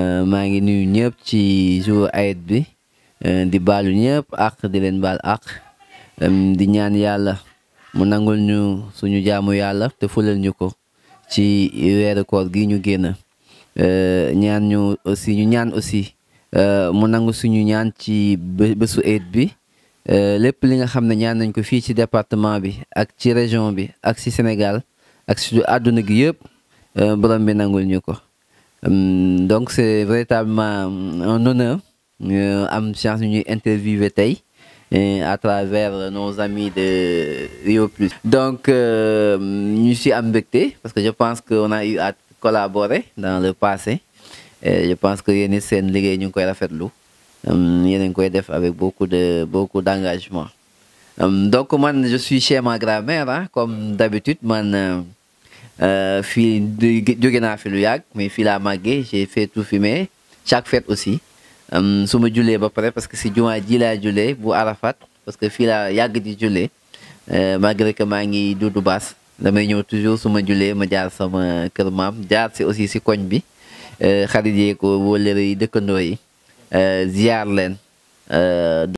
Euh, maa ngi nuyu ñëpp ci jour ayit bi euh, di baalu ñëpp ak di leen baal ak di ñaan yàlla mu nangul ñu suñu jaamu yàlla te fulal ñu ko ci weeru koor gi ñu génn euh, ñaan ñu aussi ñu ñaan aussi mu nangu suñu ñaan ci bësu ayit bi lépp li nga xam ne ñaan nañ ko fii ci département bi ak ci région bi ak ci Sénégal ak ci àdduna gi yëpp borom bi nangul ñu ko Euh, donc c' est véritablement euh, un honneur euh, am chance ñuy interviewé tey à travers nos amis de Rio Plus. donc ñu si am mbégte parce que je pense que on a eu à collaborer dans le passé et je pense que yéen seen liggéey ñu ngi koy rafetlu yéen a ngi koy def avec beaucoup de beaucoup donc man je suis chez ma grand comme d'habitude man. Euh, fii jóge naa fi lu yàgg mais fii laa màggee j'ai fait tout fumer chaque fête aussi su ma julee ba pare parce que si jumaa ji laa jullee bu Arafat parce que fii laa yàgg di jullee euh, malgré que maa ngi duudu baas damay ñëw toujours su ma jullee ma jaar sama kër maam jaar si aussi si koñ bi euh, xarit yee ko wóllëre yi dëkkandoo yi ziar leen